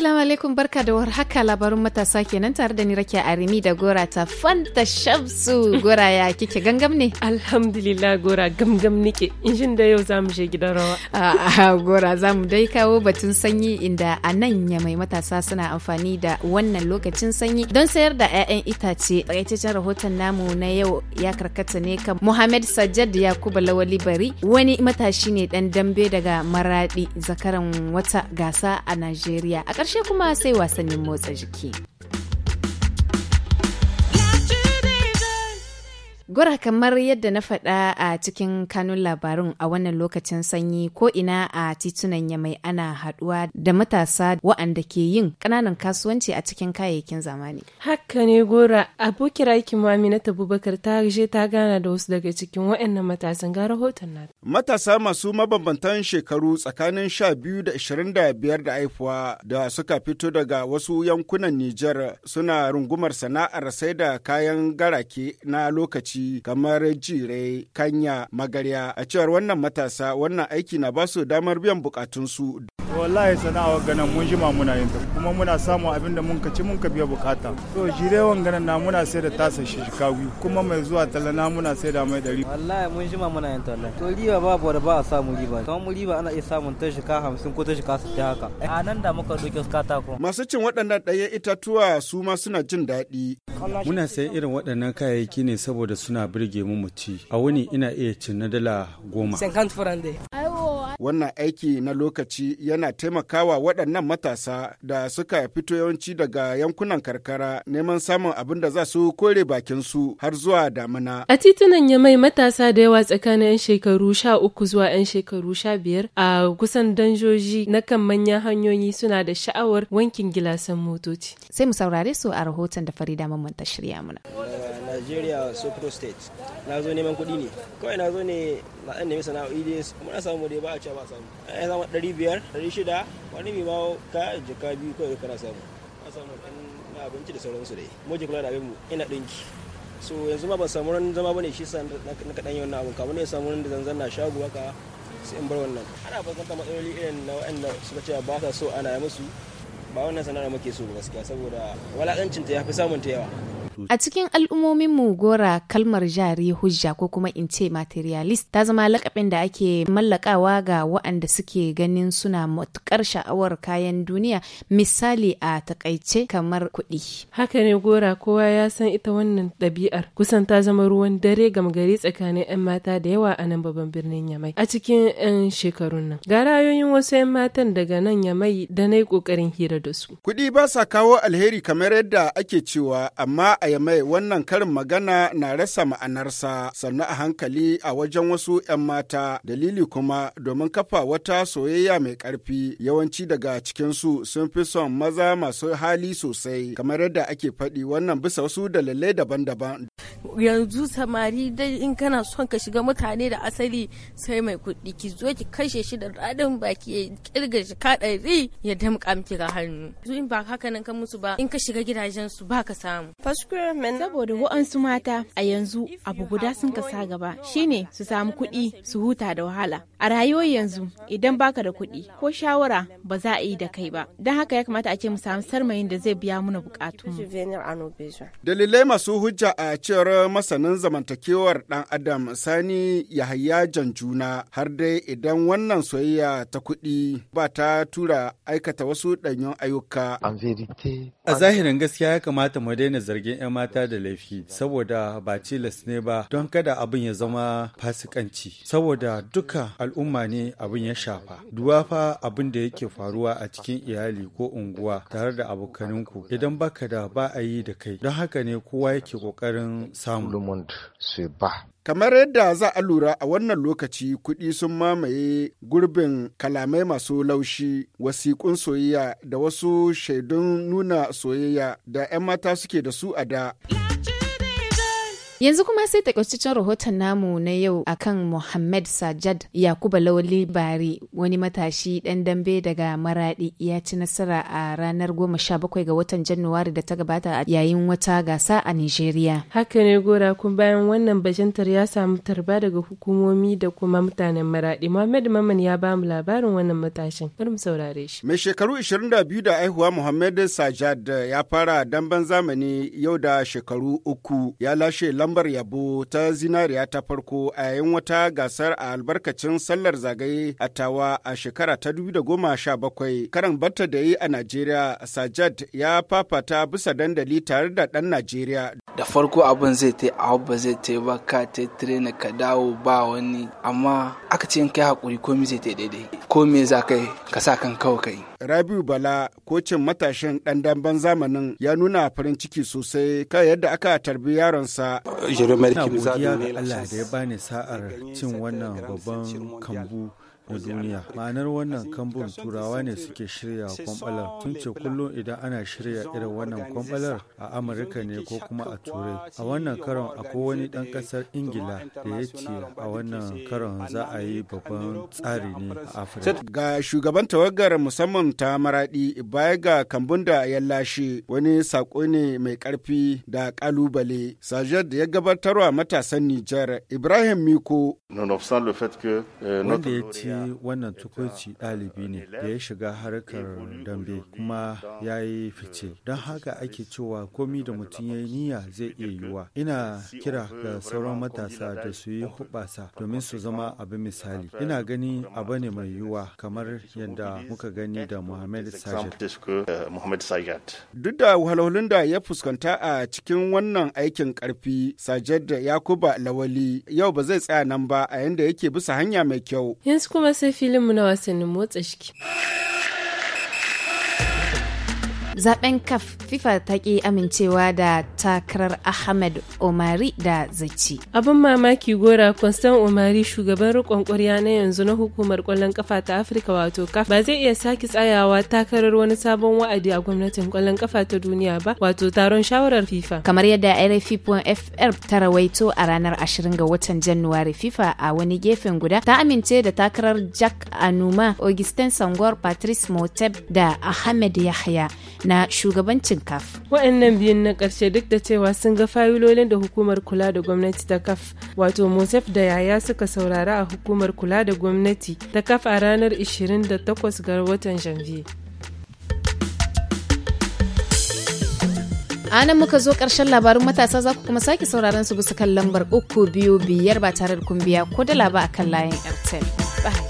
Assalamu alaikum barka da warhaka labarun matasa kenan tare da ni a Arimi da Gora ta Fanta Shamsu. Gora ya kike gangam ne? Alhamdulillah Gora gangam nike. Injin da yau zamu je gidan rawa. A'a Gora zamu dai kawo batun sanyi inda a nan ya mai matasa suna amfani da wannan lokacin sanyi don sayar da 'ya'yan itace. Takaitaccen rahoton namu na yau ya karkata ne kan Muhammad Sajjad yakuba Lawali Bari wani matashi ne dan dambe daga Maradi zakaran wata gasa a Najeriya. A ƙarshe kuma sai wasannin motsa jiki. Gora kamar yadda na faɗa a cikin kanun labarun a wannan lokacin sanyi ko ina a titunan yamai ana haɗuwa da matasa wa'anda ke yin ƙananan kasuwanci a cikin kayayyakin zamani. Haka ne Gora, abokiyar aikin mami na Tabubakar ta je ta gana da wasu daga cikin wa'annan matasan ga rahoton na. Matasa masu mabambantan shekaru tsakanin sha biyu da ishirin da biyar da haifuwa da suka fito daga wasu yankunan Nijar suna rungumar sana'ar sai da kayan garake na lokaci abinci kamar jire, kanya, magarya. A cewar wannan matasa wannan aiki na ba su damar biyan bukatunsu wallahi a ganin mun jima muna yin ta kuma muna samun abin da mun ka mun ka biya bukata to jirewan ganin na muna sai da tasa shikawi kuma mai zuwa na muna sai da mai dari wallahi mun jima muna yin ta to riba babu da ba a samu riba kamar mu riba ana iya samun ta ka 50 ko ta shika 60 haka a nan da muka doke katako masu cin waɗannan ɗaya itatuwa su ma suna jin daɗi muna sayan irin waɗannan kayayyaki ne saboda suna birge mu mu ci a wuni ina iya cin na dala goma 50 francs Wannan aiki na lokaci yana taimakawa waɗannan matasa da suka fito yawanci daga yankunan karkara neman samun abin da za su kore bakin su har zuwa damina. A titunan Yamai matasa da yawa tsakanin 'yan shekaru sha uku zuwa 'yan shekaru sha biyar a kusan danjoji na kan manyan hanyoyi suna da sha'awar wankin gilasan motoci. Sai mu saurare su a rahoton da Farida Mamman ta shirya mana. Najeriya Sokoro State. Na zo neman kuɗi ne. Kawai na zo ne na ɗan nemi sana'o'i dai kuma na samu dai ba a cewa ba samu. Ai samu ɗari biyar, ɗari shida, wani mai ma ka jaka biyu kawai kana samu. Na samu ɗan na abinci da sauransu dai. Mu je kula da abin mu ina ɗinki. So yanzu ma ban samu ran zama bane shi san na kaɗan yi wannan abin kamar ne samu ran da zanzan na shago haka sai in bar wannan. Ana bazanta matsaloli irin na waɗanda suka ce ba sa so ana yi musu ba wannan sana'ar muke so gaskiya saboda walakancin ta fi samun ta yawa A cikin al'ummomin mu gora kalmar jari hujja ko kuma in ce materialist ta zama lakabin da ake mallakawa ga waɗanda suke ganin suna matukar sha'awar kayan duniya misali a takaice kamar kuɗi. Haka ne gora kowa ya san ita wannan ɗabi'ar kusan ta zama ruwan dare ga gari tsakanin 'yan mata da yawa a nan babban birnin Yamai a cikin 'yan shekarun nan. Ga rayoyin wasu 'yan matan daga nan Yamai da na yi ƙoƙarin hira da su. Kuɗi ba sa kawo alheri kamar yadda ake cewa amma a Yamai wannan karin magana na rasa ma'anarsa sannan a hankali a wajen wasu 'yan mata dalili kuma domin kafa wata soyayya mai karfi yawanci daga cikinsu sun fi son maza masu hali sosai kamar yadda ake faɗi wannan bisa wasu dalilai daban-daban. Yanzu samari dai in kana son ka shiga mutane da asali sai mai kuɗi ki zo ki kashe shi da radin baki ya kirga shi kaɗari ya damƙa miki ga hannu. Yanzu in ba haka nan ka musu ba in ka shiga gidajen su ba ka samu. Saboda wa'ansu mata a yanzu abu guda sun kasa gaba shine su samu kuɗi su huta da wahala. A rayuwar yanzu idan baka da kuɗi ko shawara ba za a yi da kai ba. Don haka ya kamata a ce mu samu sarmayin da zai biya muna bukatu Dalilai masu hujja a cewar masanin zamantakewar ɗan Adam Sani Yahaya Janjuna har dai idan wannan soyayya ta kuɗi ba ta tura aikata wasu ɗanyen ayyuka. A zahirin gaskiya ya kamata mu daina zargin 'yan mata da laifi saboda ba tilas ne ba don kada abin ya zama fasikanci saboda duka al'umma ne abin ya shafa duwafa abin da yake faruwa a cikin iyali ko unguwa tare da abokaninku idan baka da ba a yi da kai don haka ne kowa yake kokarin samu Kamar yadda za a lura a wannan lokaci kuɗi sun mamaye gurbin kalamai masu laushi, wasiƙun soyayya da wasu shaidun nuna soyayya da 'yan mata suke da su a da. Yanzu kuma sai takaitaccen rahoton namu na yau akan Muhammad Sajad Yakuba Lawali Bari wani matashi dan dambe daga maraɗi ya ci nasara a ranar 17 ga watan Januwari da ta gabata a yayin wata gasa a Nigeria. Haka ne gora kun bayan wannan bajantar ya samu tarba daga hukumomi da kuma mutanen Maradi. Muhammad Maman ya ba mu labarin wannan matashin. Bari mu saurare shi. Mai shekaru 22 da aihuwa Muhammad Sajad ya fara damben zamani yau da shekaru uku ya lashe lambar yabo ta zinariya ta farko a yayin wata gasar a albarkacin sallar zagaye a tawa a shekara ta 2017 karan batta da yi a Najeriya Sajad ya fafata bisa dandali tare da ɗan Najeriya. da farko abin zai ta a ba zai ta ba ka ta trainer ka dawo ba wani amma aka ce kai hakuri komai zai ta daidai ko me za kai ka sa kan kawai Rabiu Bala kocin matashin dan damban zamanin ya nuna farin ciki sosai kan yadda aka tarbi yaronsa ne Allah da ya bani sa'ar cin wannan babban kambu na duniya ma'anar wannan kambun turawa ne suke shirya kwamfalar tun ce kullum idan ana shirya irin wannan kwamfalar a amurka ne ko kuma a turai a wannan karon akwai wani dan kasar ingila da ya ce a wannan karon za a yi babban tsari ne a afirka ga shugaban tawagar musamman ta maradi baya ga kambun da ya lashe wani sako ne mai karfi da kalubale sajar da ya gabatarwa matasan nijar ibrahim miko euh, wanda ya ce wannan tukunci ɗalibi ne da ya shiga harkar dambe kuma ya yi fice. Don haka ake cewa komi da mutum ya niyya zai iya yiwa Ina kira ga sauran matasa da su yi hubasa domin su zama abin misali. Ina gani abu ne mai yiwa kamar yadda muka gani da Muhammad uh, Sajad. Duk da wahalhalun da ya fuskanta a cikin wannan aikin karfi Sajad Yakuba Lawali yau ba zai tsaya nan ba a yanda yake bisa hanya mai kyau. gaba filin filinmu na wasannin motsa jiki. zaben kaf fifa ta ki amincewa da takarar ahmed omari da zaci abin mamaki gora constant omari shugaban rikon kwarya na yanzu na hukumar kwallon kafa ta afirka wato kaf ba zai iya sake tsayawa takarar wani sabon wa'adi a gwamnatin kwallon kafa ta duniya ba wato taron shawarar fifa kamar yadda rfi.fr ta rawaito a ranar 20 ga watan januwari fifa a wani gefen guda ta amince da takarar jack anuma augustin sangor patrice moteb da ahmed yahya na shugabancin CAF. waɗannan biyun na ƙarshe duk da cewa sun ga fayilolin da hukumar kula da gwamnati ta CAF wato Mosef da yaya suka saurara a hukumar kula da gwamnati ta kaf a ranar 28 ga watan Janvier. a nan muka zo ƙarshen labarin matasa za ku kuma sake sauraron su bisa kan lambar uku biyu biyar ba tare da biya ko da laba kan layin airtel bye